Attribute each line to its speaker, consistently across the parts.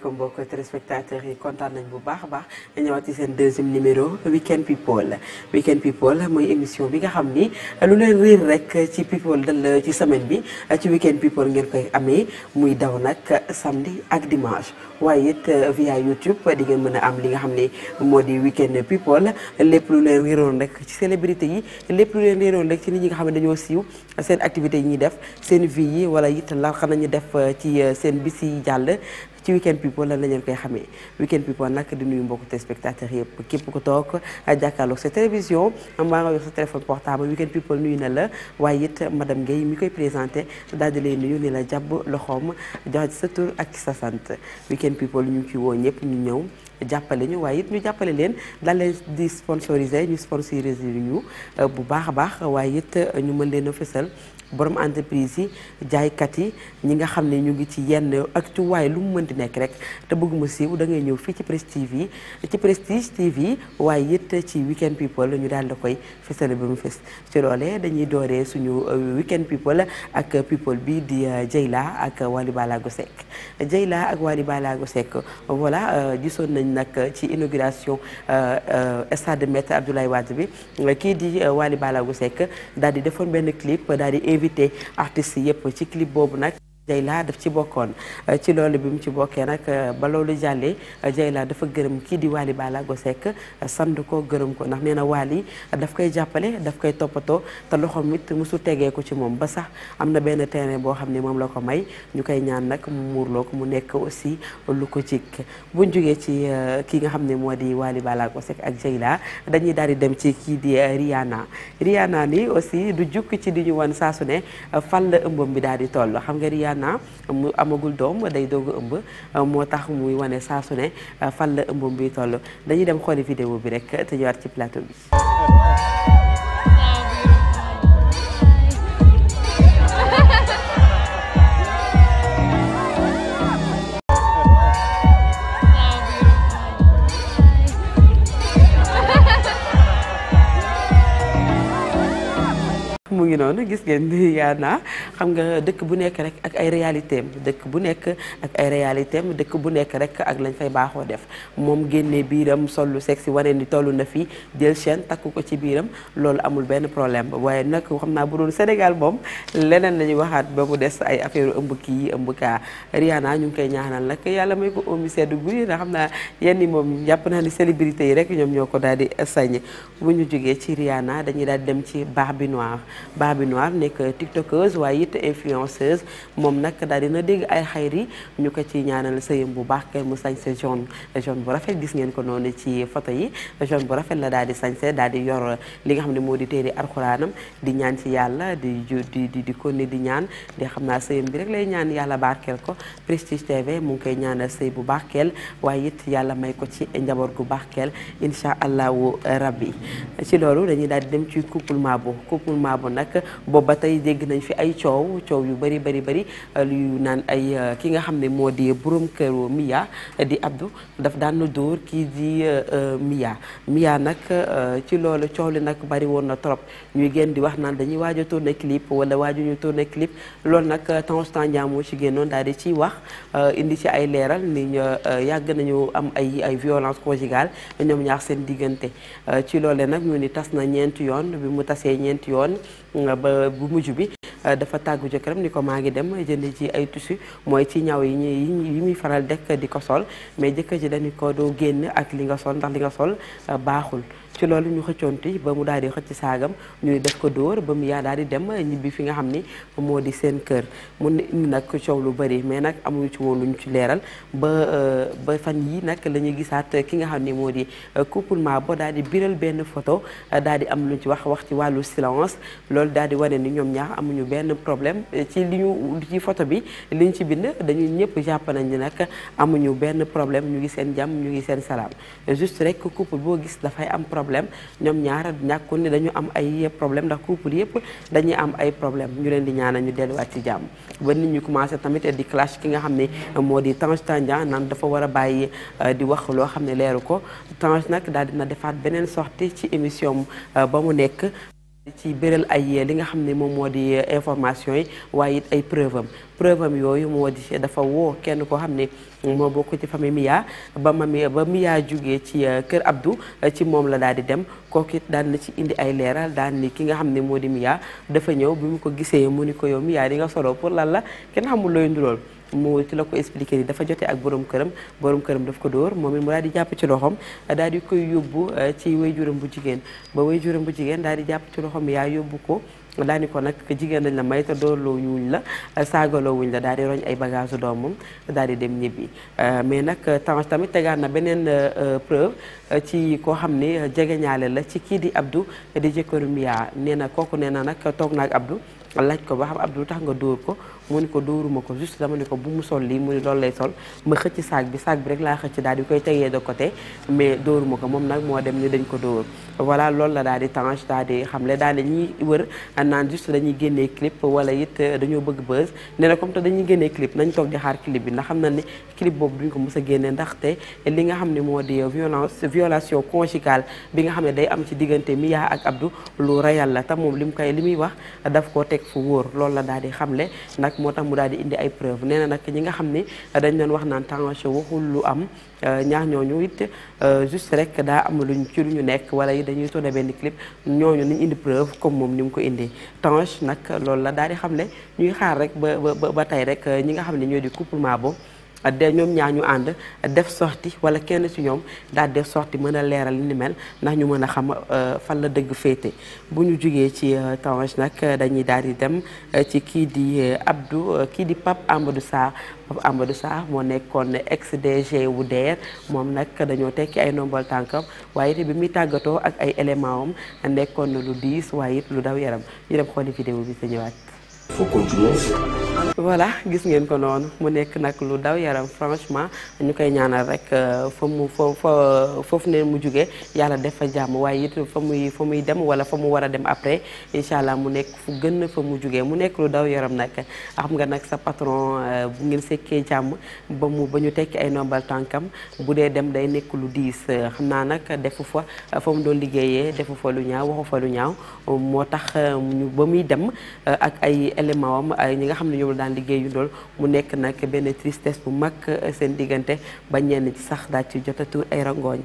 Speaker 1: asalaamaaleykum mbokki téléspectateurs yi kontaan nañ bu baax a baax ñëwaat ci seen deuxième numéro weekend people weekend people mooy émission bi nga xam ni lu leen riir rek ci people dal ci semaine bi ci weekend people ngeen koy amee muy daw nag samedi ak dimanche waaye it euh, via YouTube di ngeen mën a am li nga xam ni moo di weekend people lépp lu leen riiroon rek ci célébrité yi lépp lu leen riiroon rek ci nit ñi nga xam ne dañoo siiw seen activité yi ñuy def seen vie yi wala it lar nañu def euh, ci euh, seen bis yi ci weekend people lan la koy weekend people nak di nuyu té yépp képp tok ah, jakkalo télévision ah, on téléphone portable weekend people nuyu na la it madame gay mi koy présenter di lay nuyu ni la loxom vous sa vous ak weekend people ñu ci wo ñépp ñu ñëw ñu waye it ñu sponsoriser euh, baax it borom entreprise yi jaaykat yi ñi nga xam ne ñu ngi ci yenn ak ci waaye lu mu mën di nekk rek te bëgguma mu siiw da ngay ñëw fii ci Prestige TV ci Prestige TV waaye it ci Weekend People ñu daal di koy fësal ba mu fës ci loolee dañuy doore suñu euh, Weekend People ak people bi di Dieyla euh, ak Wally Ballago Seck Dieyla ak Wally sekk Seck voilà euh, gisoon nañ nag ci inauguration stade Maître Abdoulaye Wade bi kii di Wally Ballago Seck di defoon benn clip daal invité artistes yëpp ci clip boobu nag Dieyla daf ci bokkoon euh, ci loolu bi mu ci bokkee nag euh, ba loolu jàllee Dieyla euh, dafa gërëm kii di Waly Balago Seck sant ko gërëm ko ndax nee na Waly daf koy jàppale daf koy toppatoo te loxoom it mosu tegee ko ci moom ba sax am na benn terrain boo xam ne moom la ko may ñu koy ñaan nag mu muurloo ko mu nekk aussi lu ko jik buñ jógee ci ki nga xam ne moo di Waly Balago Seck ak Dieyla dañuy daal di dem ci kii di Rihanna Rihanna ni aussi du jukki ci di ñu wan saa su ne fan la ëmbam bi daal di toll xam nga Rihanna un mu amagul doom day doog ëmb moo tax muy wane saa su ne fan la ëmb bi toll dañuy dem xooli vidéo bi rek te ñëwaat ci plateau bi. ngi noonu gis ngeen ni yaana xam nga dëkk bu nekk rek ak ay réalitéem dëkk bu nekk ak ay réalitéem dëkk bu nekk rek ak lañ fay baaxoo def moom génnee biiram sol lu sexy wane ni tollu na fi jël chaîne takk ko ci biiram loolu amul benn problème waaye nag xam naa bu doon Sénégal moom leneen la ñuy waxaat ba mu des ay affaire ëmb kii ëmb kaa Rihanna ñu ngi koy ñaanal nag yàlla may ko omi sedd guy na xam naa yenn moom jàpp naa ni célébrité yi rek ñoom ñoo ko daal di sañ bu ñu jógee ci Rihanna dañuy daal di dem ci Barbie Noire Barbie Noire nekk tiktokeuse waaye it influenceuse moom nag daal dina dégg ay xayri ñu ko ci ñaanal sëyam bu baax kenn mu sañse jaune jaune bu rafet gis ngeen ko noonu ci photo yi bu rafet la daal di se daal di yor li nga xam ne moo di téere alxuraanam di ñaan ci yàlla di di di ko ne di ñaan di xam naa sëyam bi rek lay ñaan yàlla barkeel ko Prestige TV mu ngi koy ñaanal sëy bu baax keel waaye it yàlla may ko ci njaboot gu barkeel incha allahu rabbi ci loolu dañuy daal dem ci couple nag ba tey dégg nañ fi ay coow coow yu bëri bari bëri euh, lu naan ay euh, ki nga xam ne moo di borom këru Mia euh, di Abdou daf daan na dóor kii di Mia Mia nag ci loolu coow li nag bari woon na trop ñuy génn di wax naan dañuy waaj a tourner clip wala waaju ñu tourner clip loolu nag Tange Tandian moo ci génnoon daal di ciy wax indi ci ay leeral ni yàgg nañu am ay ay violence conjugale ñoom ñaar seen diggante ci loole nag ñu ni tas na ñeenti yoon bi mu tasee ñeenti yoon ba bu mujj bi euh, dafa tàggu jëkkëram ni ko maa ngi dem jënd ci ay tissu mooy ci ñaw yi ñuy yi muy faral dekk di ko sol mais jëkkër ji dañu ko doo génn ak li nga sol ndax li nga sol euh, baaxul ci loolu ñu xëccoonti ba mu daal di xëcc saagam ñu def ko dóor ba mu yaa daal di dem ñibbi fi nga xam ni moo di seen kër mu indi nag coow lu bëri mais nag amuñu ci woon lu ñu ci leeral ba euh, ba fan yi nag la gisaat ki nga xam ni moo di euh, couple Mabo daal di biral benn photo euh, daal di am lu ci wax wax ci wàllu silence loolu daal di wane ni ñoom ñaar amuñu benn problème ci li ñu ci photo bi li ñu ci bind dañu ñëpp jàpp nañ ni nag amuñu benn problème ñu ngi seen jàmm ñu ngi seen salaam juste rek couple boo gis dafay am problème problème ñoom ñaar ñàkkul ni dañu am ay problème ndax couple yëpp dañuy am ay problème ñu leen di ñaanal ñu delluwaat ci jàmm ba nit ñu commencé tamit di clash ki nga xam ne moo di Tange Tandian naan dafa war a bàyyi euh, di wax loo xam ne leeru ko Tange nag daal dina defaat beneen sortie ci émission euh, ba mu nekk ci béral ay eh, li nga xam ne moom moo di eh, information yi waaye it ay preuve am yooyu moo di eh, dafa woo kenn koo xam ne moo bokk ci famille Mia ba ma mi ba Mia jugee ci kër Abdou ci moom la daal di dem kooku it daan na ci indi ay leeral daal ni ki nga xam ne moo di Mia dafa ñëw bi mu ko gisee mu ni ko yow Mia di nga solo pour lan la kenn xamul looy ndulool mu ci la ko expliqué ni dafa jote ak boroom këram borom këram daf ko dóor moom it mu daal di jàpp ci loxom daal di koy yóbbu eh, ci wayjuram bu jigéen ba wayjuram bu jigéen daal di jàpp ci loxoom yaa yóbbu ko di ko nag jigéen lañ la may te dooloo wuñ la eh, saagaloo wuñ la daal di roñ ay bagage doomam daal di dem ñibbi eh, mais nag Tange tamit tegaat na beneen preuve ci koo xam ni jegeñaale la ci kii di abdu di jëkkëru Mia nee na kooku nee na nag toog na ak Abdou laaj ko ba xam Abdou tax nga dóor ko mu ni ko dóoruma ko juste dama ni ko bu mu sol lii mu ni loolu lay sol ma xëcc saag bi saag bi rek laa xëcc daal di koy tegee de côté mais dóoruma ko moom nag moo dem ni dañ ko dóor voilà loolu la daal di tange daal di xamle daal di ñuy wër naan juste dañuy génnee clip wala it euh, dañoo bëgg buzz nee na comme te dañuy génnee clip nañ toog di xaar clip bi ndax xam na ni clip boobu duñ ko mës a génne ndaxte li nga xam ne moo di violence violation conjugale bi nga xam ne day am ci diggante Mia ak Abdou lu rayal la tam moom li mu koy li muy wax teg fu wóor loolu la daal di xam le nag moo tax mu daal di indi ay preuve nee na nag ñi nga xam ni dañ doon wax naan Tange waxul lu am euh, ñaar ñooñu it euh, juste rek daa am luñ ci lu ñu nekk wala yi dañuy tourné benn clip ñooñu nañ indi preuve comme moom ni mu ko indi Tange nag loolu la daal di xam xamle ñuy xaar rek ba ba ba tey rek euh, ñi nga xam ne ñoo di couplement bo de ñoom ñaa ñu ànd def soxti wala kenn ci ñoom daal def sorti mën a leeral ni mel ndax ñu mën a xam euh, fan la dëgg féete bu ñu jugee ci euh, Tange nag dañuy daal di dem euh, ci kii di Abdou kii di Pape Amadou Sarr Pape Amadou Sarr moo nekkoon ex DG wu DER moom nag dañoo tekki ay ndombal tànkam waaye it bi muy tàggatoo ak ay éléments am nekkoon na lu diis waaye it lu daw yaram ñu dem xooli vidéo bi sa ñëwaat. il gis ngeen ko noonu mu nekk nag lu daw yaram franchement ñu koy ñaanal rek euh, fa mu fa fa foofu ne mu jóge yàlla def fa jàmm waaye it fa muy fa muy dem wala fa mu war a dem après incha allah mu nekk fu gën fa mu jóge mu nekk lu daw yaram nag ah, xam nga nag sa patron euh, bu ngeen sekkee jàmm ba mu ba ñu tekki ay nombal tànkam bu dee dem day nekk lu diis xam naa nag defu fa fa mu doon liggéeyee defu fa lu ñaaw waxu fa lu ñaaw moo tax euh, ba muy dem ak ay. élément am nga xam ne ñoom la daan liggéey yu ndool mu nekk nag benn tristesse bu mag seen diggante ba ñenn sax daal ci jotatu ay rangooñ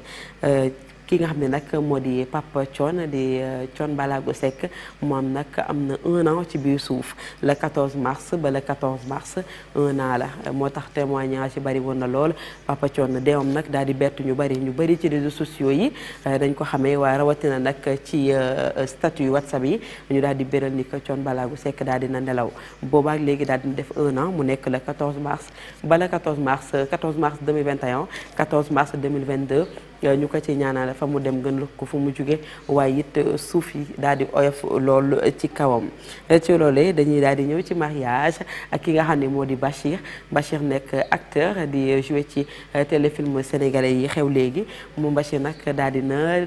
Speaker 1: euh, kii nga xam ne nag moo di Papa Thione di euh, Thione Balago sekk moom nag am na un an ci biir suuf le 14 mars ba le 14 mars un an la moo tax témoignage yi bari woon na lool Papa Thione deewam nag daal di bett ñu bari ñu bari ci réseaux sociaux yi euh, dañ ko xamee waaye rawatina nag ci euh, statut WhatsApp yi ñu daal di béral ni que Thione Balago Seck daal dina nelaw boobaak léegi daal dina def un an mu nekk le 14 mars ba le 14 mars 14 mars 2021 14 mars 2022 ñu ko ci ñaanale fa mu dem gën la ko fu mu jóge waaye it suuf yi daal di oyof lool ci kawam ci loolee dañuy daal di ñëw ci mariage ak ki nga xam ne moo di Bachir Bachir nekk acteur di joué ci téléfilm sénégalais yi xew léegi mu Bachir nag daal di na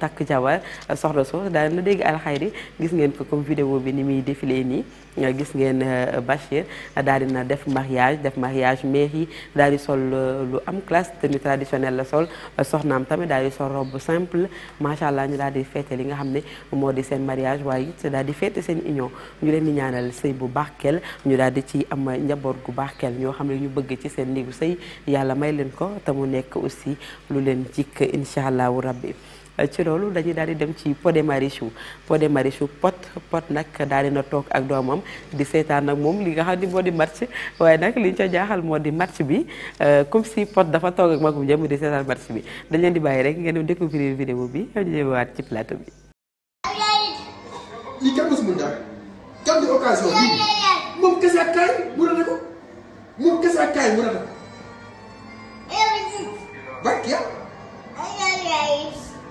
Speaker 1: takk jabar soxla so daal na dégg alxayri gis ngeen ko comme vidéo bi ni muy défilé nii gis ngeen euh, Bachir daal na def mariage def mariage mairie daal di sol euh, lu am classe tenue traditionnelle la sol soxnaam tamit daal di sol robe simple macha allah ñu daal di feete li nga xam ne moo di seen mariage waaye it daal di feete seen union ñu leen di ñaanal sëy bu baax barkeel ñu daal di ci am njaboot gu barkeel ñoo xam ne ñu bëgg ci seen néegu sëy yàlla may leen ko te mu nekk aussi lu leen jikk incha allahu rabbi ci loolu dañuy daal di dem ci Pod et Marichou Pod nag daal dina toog ak doomam di seetaan nag moom li nga xam ni moo di match waaye nag li ñu ca jaaxal moo di match bi euh, comme dafa toog ak magum jëm bi dañ leen di bàyyi rek ngeen di découvrir vidéo bi ñu ñëwaat ci plateau bi. lii kenn kaay mu rëdd ko moom kese kaay mu rëdd ko.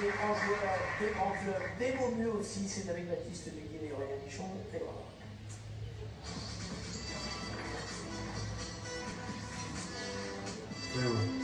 Speaker 1: des grands joueurs, des grands joueurs, des mots mieux aussi, c'est avec Baptiste Béguier et Aurélien Michon, et voilà. Mmh.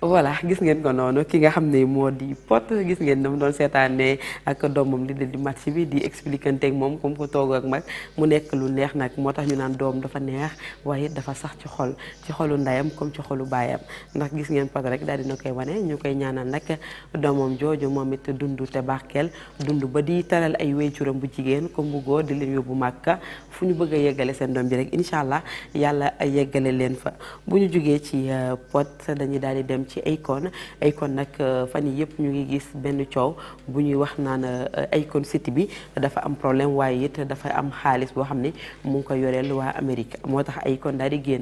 Speaker 1: voilà gis ngeen ko nonu ki nga xamne modi di pot gis ngeen dama don setané ak doomam li di match bi di expliquante ak mom kum ko togo ak mak mu nek lu neex nak motax ñu naan dom dafa neex waye dafa sax ci xol ci xolu ndayam kum ci xolu bayam ndax gis ngeen pat rek dal dina koy wané ñukay ñaanal nak doomam jojo momit dundu te barkel dundu ba di talal ay wéycuram bu jigen comme bu go di leen yobu makka fu ñu bëgg a sen dom bi rek inshallah yalla yeggalé fa bu ñu ci euh, pot dañuy dal di dem ci icon Akon nak euh, fan yi yëpp ñu ngi gis benn ciow bu ñuy wax naan euh, Akon City bi dafa am problème waye it dafa am xaaliss bo xamni mu ko yorel wa amerika motax tax Akon daal di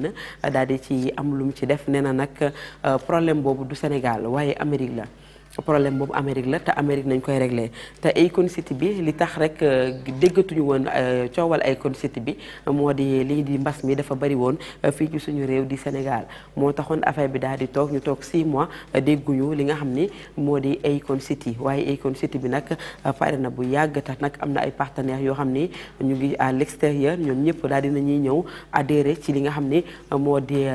Speaker 1: daal di ci am lu mu ci def neena nak euh, problème bobu du senegal waye amerika la problème boobu Amérique la te Amérique nañ koy regle te Akon City bi li tax rek euh, déggatuñu woon euh, coowal Akon City bi moo di lii di mbas mi dafa bari woon euh, fii ci suñu réew di Sénégal moo taxoon affaire bi daal di toog ñu toog 6 mois dégguñu li nga xam ni moo di Akon City waaye Akon City bi nag pare na bu yàgg tax nag am na ay partenaires yoo xam ni ñu ngi à l'extérieur ñoom ñëpp daal dina ñuy ñëw adhéré ci li nga xam ni moo di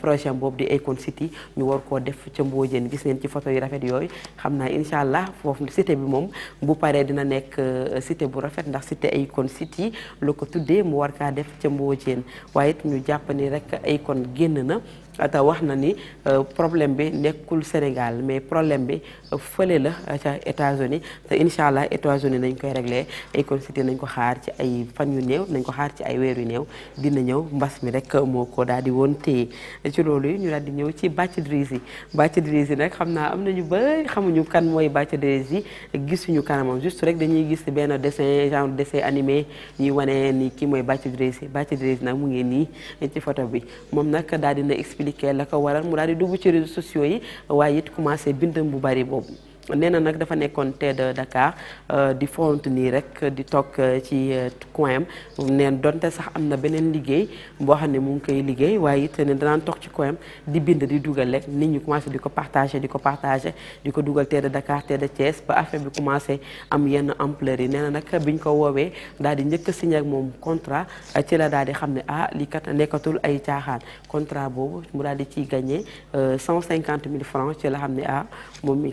Speaker 1: projet boobu di Akon City ñu war koo def ca Mbodiène gis ngeen ci photo yu rafet yooyu xam naa incha allah foofu cité bi moom bu paree dina nekk euh, cité bu rafet ndax cité Akon City la ko tuddee mu war kaa def ca Mbodiène waaye it ñu jàpp ni rek Akon génn na te wax na ni euh, problème bi nekkul Sénégal mais problème bi euh, fële la euh, ca États-Unis te incha allah États-Unis nañ koy regle Akon City nañ ko xaar ci ay fan yu néew nañ ko xaar ci ay weer yu néew dina ñëw mbas mi rek moo ko daal di woon ci loolu yi ñu daal di ñëw ci Bathie Drizzy Bathie Drizzy nag xam naa am na ñu ba xamuñu kan mooy Bathie Drizzy gisuñu kanamam juste rek dañuy gis benn dessin genre dessin animé ñuy wane ni kii mooy Bathie Drizzy Bathie Drizzy nag mu ngi nii ci photo bi expliquer la ko waral mu daal di dugg ci réseaux sociaux yi waaye it commencé bindam bu bari boobu. nee na nag dafa nekkoon tee de Dakar euh, di font nii rek di toog euh, ci euh, coin am neen donte sax am na beneen liggéey boo xam ne mu ngi koy liggéey waaye it ne danaan toog ci coin di bind di dugal rek nit ñi commencé di ko partagé di ko partagé di ko dugal tee de Dakar tee de Thiès ba affaire bi commencé am yenn ampleur yi nee na nag biñ ko woowee daal di njëkk a signé moom contrat ci la daal di xam ne ah li kat nekkatul ay caaxaan contrat boobu mu daal di ciy gagné 150 000 francs ci la xam ne ah moom mi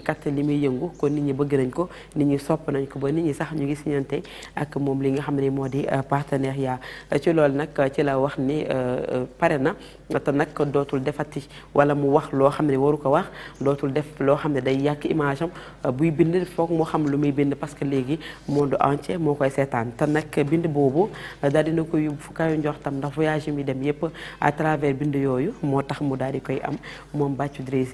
Speaker 1: yëngu ko nit ñi bëgg nañ ko nit ñi sopp nañ ko ba nit ñi sax ñu ngi signanté ak mom li nga xamné ne moo di euh, partenariat ci lool nak ci la wax ni euh, euh, paré na ta nak dootul defati wala mu wax lo xamné waru ko wax dootul def lo xamné day yak image am buy bind foog mu xam lu muy bind parce que légui monde entier mo koy sétane ta nak bind bobu dal dina ko yu fu kayu njox tam ndax voyage mi dem yépp à travers bind yoyu motax mu dal di koy am mom bàccu dress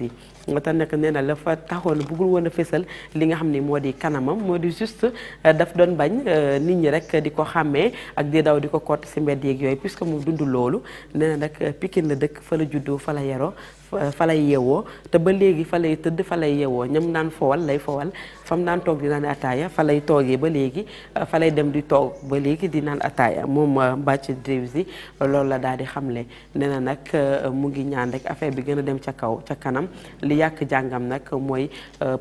Speaker 1: ta te nag la fa taxone bugul wona fésal li nga xam ni moo di kanamam moo di juste euh, daf doon bañ euh, nit ñi rek di ko xàmmee ak di daw di ko kott si mbedd yeeg yooyu puisque moom dund loolu nee nag euh, Pikine la dëkk fa la juddoo fa la yaroo fa lay yeewoo te ba léegi fa lay tëdd fa lay yeewoo ñam naan fowal lay fowal fam naan toog di naan ataaya fa lay toogee ba léegi fa lay dem di toog ba léegi di naan ataaya moom Mbathio Drissi loolu la daal di xamle nee na nag mu ngi ñaan rek affaire bi gën a dem ca kaw ca kanam li yàq jàngam nag mooy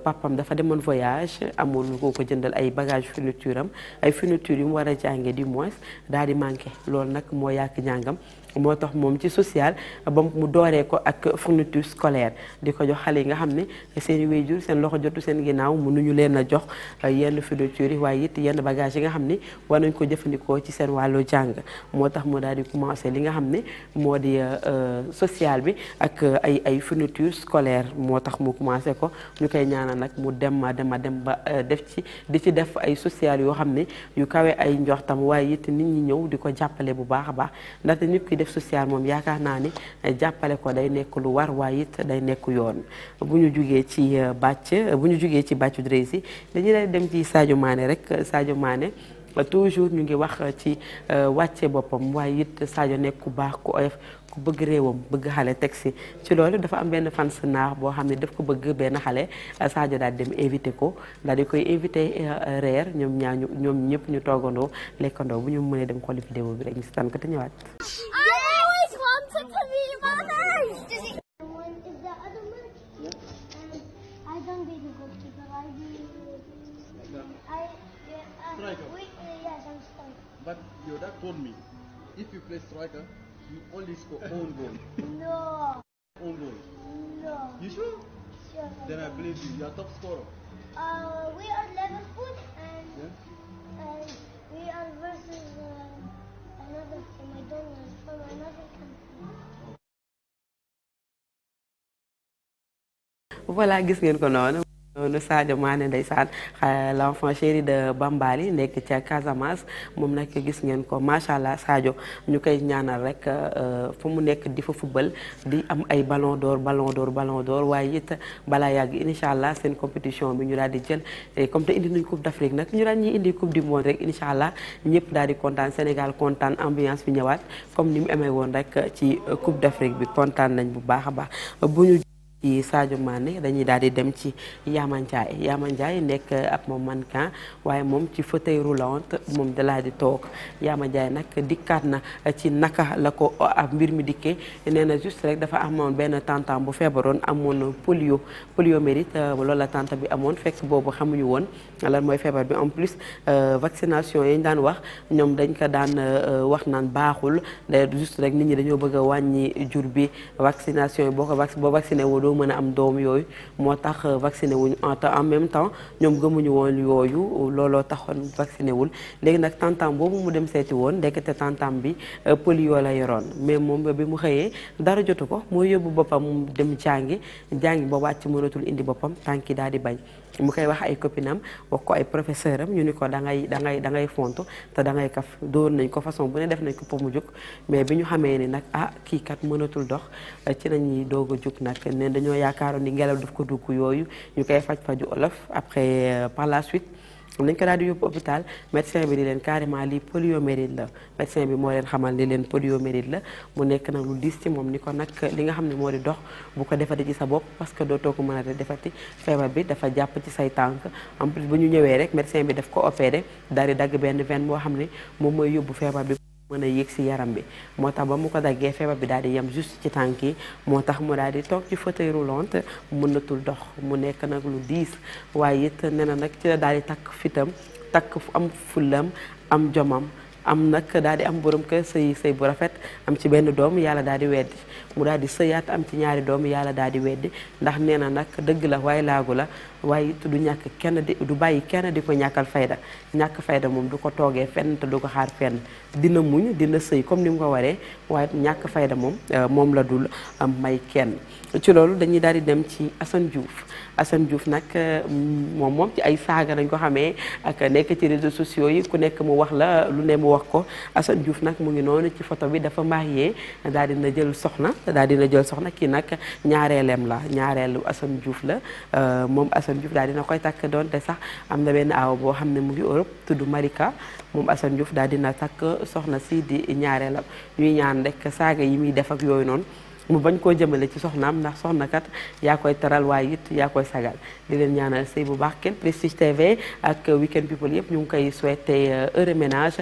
Speaker 1: papa papam dafa demon voyage amul koo ko jëndal ay bagage fourniture am ay fourniture yu mu war a jànge du moins daal di manqué loolu nag moo yàq njàngam motax mom ci social ba mu doore ko ak fourniture scolaire diko jox xale yi nga xam sen seen i seen loxo jotu seen ginaaw mënuñu leen a jox euh, yenn fourniture way yitt yenn bagage yi nga xam ne war nañ ko jëfëndiko ci seen walu jang motax tax mu daal di li nga xam modi euh, euh, social bi ak ay ay fourniture scolaire motax mu commencer ko ñu koy ñaanal mu dem ma dem ma dem ba def ci di ci def ay social yo yu kawe ay njortam way yitt nit ñi ñëw diko jappalé bu baax baax ndax nit ki def social moom yaakaar naa ni eh, jàppale ko day nekk lu war waay it day nekku yoon bu ñu jugee ci eh, bàcc bu ñu jugee ci bàccu Dreysi dañuy lay dem ci Sadio maane rek Sadio Mané toujours ñu ngi wax ci eh, wàcce boppam waaye it Sadio nekk ku baax ko oyof ku bëgg réewam bëgg xale a si ci loolu dafa am benn fans naax boo xam ne daf ko bëgg benn xale Sadio daal dem invité ko daal di koy invité euh, ñëpp ñu bu ñu dem bi rek ñu ko te ñëwaat. But your dad told me if you play striker you only score own goal. No. Own goal. No. You sure? Sure. Then I believe you. You are top scorer. Uh, we are Liverpool and yeah? we are versus uh, another team. I don't know. from another country. Voilà, gis ngeen ko noonu. loolu Sadio Mané ndeysaan l'enfant chéri de Bambali nekk ca Casamance moom nag gis ngeen ko macha allah Sadio ñu koy ñaanal rek euh, fu mu nekk di fa football di am ay ballon door ballon d'or ballon door waaye it balaa yàgg incha allah seen compétition bi ñu daal di jël comme te indi nañ coupe d'Afrique nag ñu daal ñi indi coupe du monde rek incha allah ñëpp daal di kontaan Sénégal kontaan ambiance bi ñëwaat comme ni mu amee woon rek ci coupe d'Afrique bi kontaan nañ bu baax a baax ci Sadio Mané dañuy daal di dem ci Yaman Ndiaye Yaman Ndiaye nekk ab moom mannequin waaye moom ci fauteuil roulante moom dalaa di toog Yaman Ndiaye nag dikkaat na ci naka la ko ab mbir mi dikkee nee na rek dafa amoon benn tantam bu feebaroon amoon polio poliomyélite loolu la tante bi amoon fekk boobu xamuñu woon lan mooy feebar bi en plus euh, vaccination yi ñu daan wax ñoom dañ ko daan euh, wax naan baaxul juste rek nit ñi dañoo bëgg wàññi jur bi vaccination boo ko boo mën a am doom yooyu moo tax euh, vacciné wuñu en même temps ñoom gëmuñu woon yooyu looloo taxoon vacciné wul léegi nag tantam boobu mu dem seeti woon ndekete tantam bi euh, polio la yoroon mais moom bi mu xëyee dara jotu ko mooy yóbbu boppam mu dem jàngi jàngi ba wàcc mënatul indi boppam tànki daal di bañ mu koy wax ay koppinam wax ko ay professeur am ñu ni ko dangay ngay da ngay fontu te da kaf dóor nañ ko façon bu ne def nañ ko pour mu jug mais bi ñu xamee ni nag ah kii kat mënatul dox ci nañuy doog a jug nag ne dañoo yaakaaroon ni ngelaw daf ko dugg yooyu ñu koy faj faju olof après euh, par la suite am nañ ko daal di yóbbu hôpital médecin bi di leen carrément lii poliomyélite la médecin bi moo leen xamal ni leen poliomyélite la mu nekk nag lu diis ci moom ni ko nag li nga xam ne moo di dox bu ko defati ci sa bopp parce que dootoo ko mën a defati feebar bi dafa jàpp ci say tànk en plus bu ñu ñëwee rek médecin bi def ko opéré daal di dagg benn veine boo xam ne moom mooy yóbbu feebar bi mën a yéeg si yaram bi moo tax ba mu ko daggee feebar bi daal di yem juste ci tànk yi moo tax mu daal di toog ci fauteuil roulant mënatul dox mu nekk nag lu diis waaye it nee na nag ci la daal di takk fitam takk am fullam am jomam am nag daal di am borom kër sëy sëy bu rafet am ci benn doom yàlla daal di weddi mu daal di sëyaat am ci ñaari doom yàlla daal di weddi ndax nee na nag dëgg la waaye laagu la waaye du ñàkk kenn di du bàyyi kenn di ko ñàkkal fayda ñàkk fayda moom du ko toogee fenn te du ko xaar fenn dina muñ dina sëy comme ni mu ko waree waaye ñàkk fayda moom euh, moom la dul euh, may kenn ci loolu dañuy daal di dem ci Assane Diouf Assane Diouf nag euh, moom moom ci ay saaga nañ ko xamee ak nekk ci réseaux sociaux ku nekk mu wax la lu ne mu wax ko Assane Diouf nag mu ngi noonu ci photo bi dafa marié daal dina jël soxna daal dina jël soxna kii nag ñaareelem la ñaareelu Assane Diouf la moom Assane Assane Diouf daal dina koy takk donte sax am na benn aaw boo xam ne mu ngi Europe tudd Marika mu Assane Diouf daal dina takk soxna si di ñaareelam ñuy ñaan rek saaga yi muy def ak yooyu noonu mu bañ koo jëmale ci soxnaam ndax soxna kat yaa koy taral waaye it yaa koy sagal di leen ñaanal sëy bu baax kenn Prestige TV ak Weekend People yëpp ñu ngi koy souhaiter euh, heureux ménage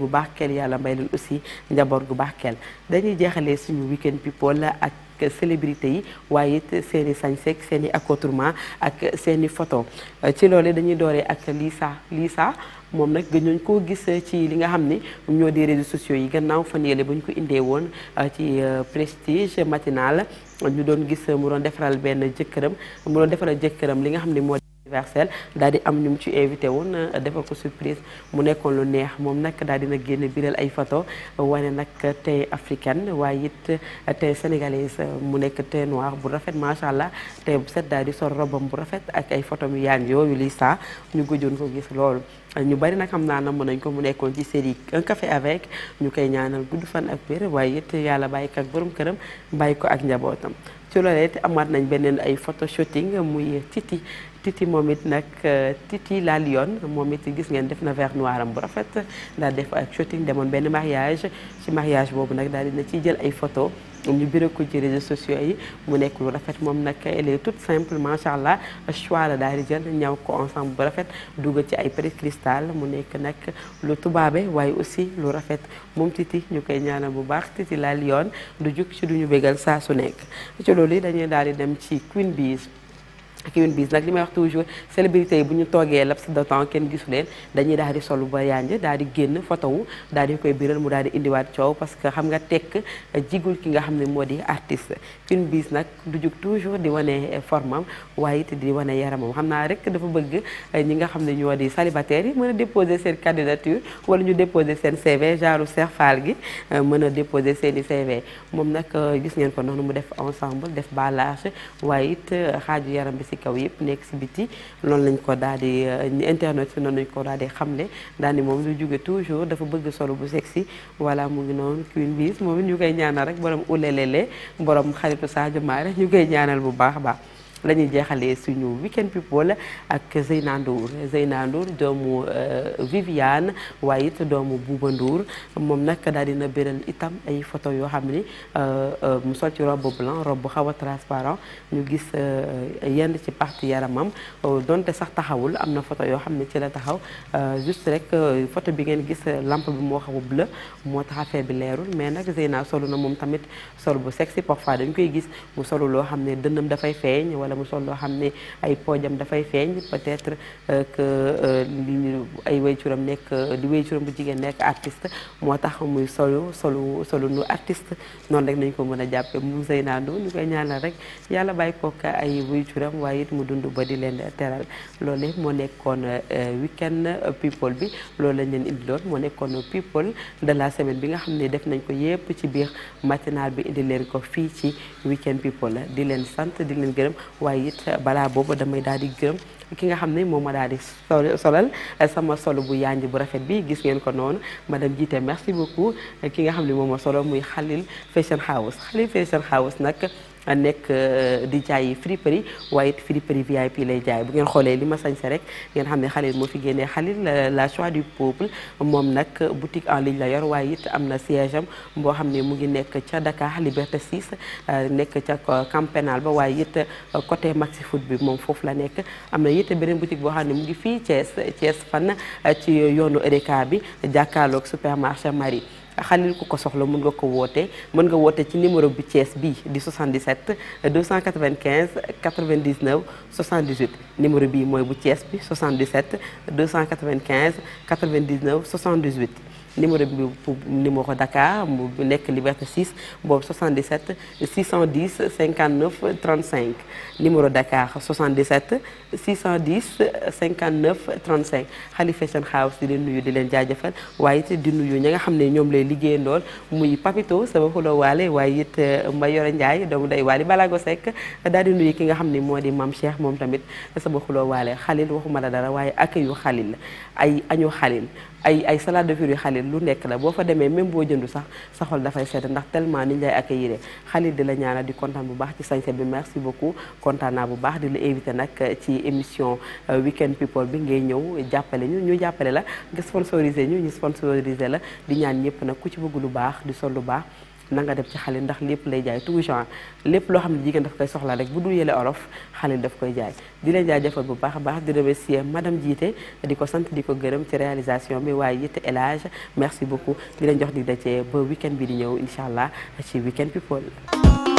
Speaker 1: bu baax kenn yàlla mbay leen aussi njaboot gu baax kenn dañuy jeexalee suñu Weekend People ak célébrité yi waaye it seeni i sañseeg seen i ak seen i photo ci loole dañuy dooree ak lii Lisa moom nag gëjoon koo gis ci li nga xam ni ñoo di réseaux sociaux yi gannaaw fan yële ba ñu ko indee woon euh, ci euh, prestige matinal ñu doon gis mu doon defaral benn jëkkëram mu doon defaral jëkkëram li nga xam ne moo universel daal di am ñu mu ci invité woon euh, defal ko surprise mu nekkoon lu neex moom nag daal dina génne biral ay photo wane nag tey africaine waaye it euh, tey sénégalaise euh, mu nekk tey noir bu rafet macha allah tey bu set daal di sol robam bu rafet ak ay photo mu yaan yooyu lii saa ñu gëjoon ko gis loolu ñu bari nag xam naa na mën nañ ko mu nekkoon ci série un café avec ñu koy ñaanal gudd fan ak wér waaye it yàlla bàyyi ko ak borom këram bàyyi ko ak njabootam ci loolee te nañ beneen ay photo shooting muy Titi Titi moom it nag Titi laal yoon moom it gis ngeen def na vert noir am bu rafet daal def ak shooting demoon benn mariage ci mariage boobu nag daal dina ci jël ay photo ñu bira ko ci réseaux sociaux yi mu nekk lu rafet moom nag elle est toute simple macha allah choix daal di jël ñaw ko ensemble bu rafet dugg ci ay presse cristal mu nekk nag lu tubaabe waaye aussi lu rafet moom titi ñu koy ñaanal bu baax titi laal yoon du jug ci duñu bégal saa su nekk ci loolu yi dañuy daal di dem ci Queen Biz Queen bis nag li may wax toujours célébrité yi bu ñu toogee laps de temps kenn gisu leen dañuy daal di solu ba yànj daal di génn photo wu daal di koy biral mu daal di indiwaat coow parce que xam nga tekk jigul ki nga xam ne moo di artiste Queen bis nag du jug toujours di wane forme am waaye it di wane yaramam xam naa rek dafa bëgg ñi nga xam ne ñoo di célibataires yi mën a déposer seen candidature wala ñu déposer seen CV genre Cheikh gi mën a déposer seen i CV moom nag gis ngeen ko noonu mu def ensemble def ballage waaye it xaaju yaram bi si kaw yëpp nekk si biti loolu lañ ko daal di euh, internet fi noonu lañ ko daal di xamle daal di moom lu jóge toujours dafa bëgg solo bu sexy voilà mu ngi noonu Queen Biz moom it ñu koy ñaanal rek borom ulelele borom xaritu Sadio Mané ñu koy ñaanal bu baax a baax la ñuy jeexalee suñu weekend people ak Zeyna Ndour Zeyna Ndour doomu euh, Viviane waaye it doomu Bouba Ndour moom nag daal dina béral itam ay photo yoo xam ni euh, euh, mu sol ci robe blanc robe bu xaw a transparent ñu gis yenn ci partie yaramam donte sax taxawul am na photo yoo xam ne ci la taxaw juste rek photo bi ngeen gis lampe bi moo xaw a bleu moo tax affaire bi leerul mais nag Zeyna solu na moom tamit sol bu sexy parfois dañ koy gis mu solu loo xam ne dënnam wala mu sol loo xam ne ay poojam dafay feeñ peut-être euh, que li euh, ay wéycuram nekk li wéycuram bu jigéen nekk artiste moo tax muy solu solu solu nu artiste noonu rek nañ ko mën a jàppe mu Zeyna Ndour ñu koy ñaanal rek yàlla bàyyi kook ay wéycuram waaye it mu dund ba di leen teral loolu yëpp moo nekkoon euh, weekend people bi loolu lañ leen indi indiloon moo nekkoon people de la semaine bi nga xam ne def nañ ko yëpp ci biir matinal bi indi leen ko fii ci weekend people la di leen sant di leen gërëm waaye it balaa boobu damay daal di gërëm ki nga xam ne moom ma daal di sol solal sama solo bu yanj bu rafet bi gis ngeen ko noonu madame jiite merci beaucoup ki nga xam ni moom ma solo muy Khalil Fashion House Khalil Fashion House nag nekk euh, di jaay friperie waaye it friperie VIP lay jaay bu ngeen xoolee li ma sañse rek ngeen xam ne Xalil moo fi génnee Xalil euh, la choix du peuple moom nag boutique en ligne la yor waaye it am na siège boo xam ne mu ngi nekk ca Dakar Liberté 6 euh, nekk ca camp pénal ba waaye it côté maxi foot bi moom foofu la nekk am na it beneen boutique boo xam ne mu ngi fii Thiès Thiès fan ci yoonu Eureka bi jàkkaarloog supermarché Marie xalil ku ko soxla mën nga ko woote mën nga woote ci numéro de Thiès bi di 77 295 99 78 numéro bi mooy bu Thiès bi 77 295 99 78 numéro bi numéro Dakar mu Liberté 6 bob 77 610 59 35 numéro Dakar 77 610 59 35 Khalifa Sen House di leen nuyu di len jaajëfal waye te di nuyu ñi nga xam ne ñoom lay liggéeyandool muy Papito sama xuloo walé waye it eh, Mayoro Ndiaye doomu day wali Balago sek daal di nuyu ki nga xam modi mam Cheikh mom tamit sama xuloo walé Khalil waxuma la dara waye ak yu Khalil ay añu Khalil ay ay salade de fruits xalil lu nekk la boo fa demee même boo jëndu sax sa xol dafay sedd ndax tellement niñ lay accueillir xalil di la ñaanal di kontaan bu baax ci sañse bi merci beaucoup kontaan naa bu baax di lu invité nag ci émission euh, weekend people bi ngay ñëw jàppale ñu ñu jàppale la nga sponsorisé ñu ñu sponsorisé la di ñaan ñëpp nag ku ci bëgg lu baax di sol lu baax nanga dem ci xalil ndax lépp lay jaay tout genre lépp loo xam ne jigéen daf koy soxla rek bu dul yële olof xalil daf koy jaay di leen jaajëfal bu baax a baax di remercier madame Jiite di ko sant di ko gërëm ci réalisation bi waaye yitte élage merci beaucoup di leen jox di dacee ba week-end bi di ñëw incha allah ci week-end people